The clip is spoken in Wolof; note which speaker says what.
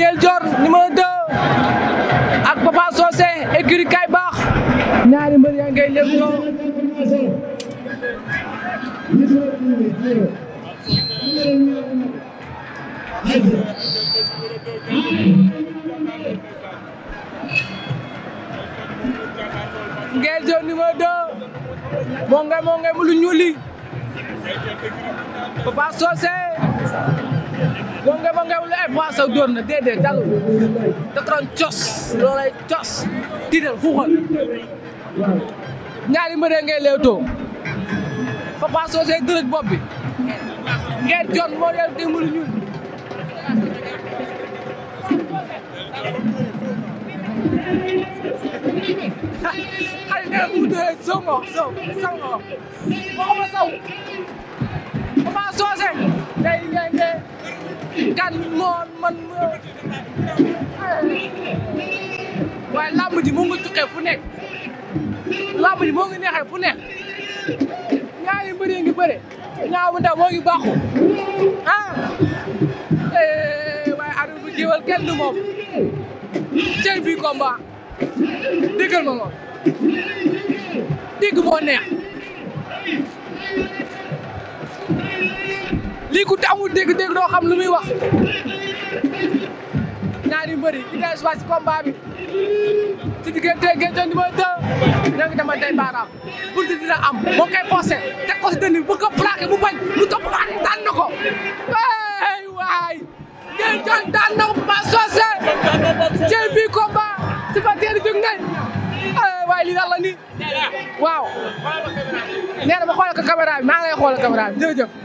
Speaker 1: Deel Dior numéro 2 ak Papa Socé écurie kay baax ñaari mbër yaa ngay lépp loo Ngel Dior numéro Papa Socé moom nga ma nga lu ay eh, poisson doon na déedéet dalul da cos loolay cos tiital fuuxal ñaari mbëree ngay leewtoo fa paasoo see dërëj bopp bi ngeen jon moo leen ñun xale nga mu dee songo songo saw fa paasoo gan moor man waaye làmb ji mu ngi tukkee fu nekk moo ngi neexee fu nekk ñaari mbër yi ngi bëre ñaar bu ndaw moo ngi baaxu ah eh, waaye adul bu jiwal kenn du moom cey bi combat déggal moom dégg moo neex lii ku amul dégg-dégg doo xam lu muy wax ñaari mbëri ñu ngi si combat bi ci diggante Guédiawaye numéro 2 ñoo ngi dama tey baaraam pour di dina am moo koy forcé teg ko si dënn bu ko plaqué bu mu topp ko daan na ko waay waay Guédiawaye daan na ko Papa Sossé jël bi si fa teel jóg nañ waaye lii daal waaw nee ma xoolal ko caméra bi maa ngi lay xoolal caméra bi jërëjëf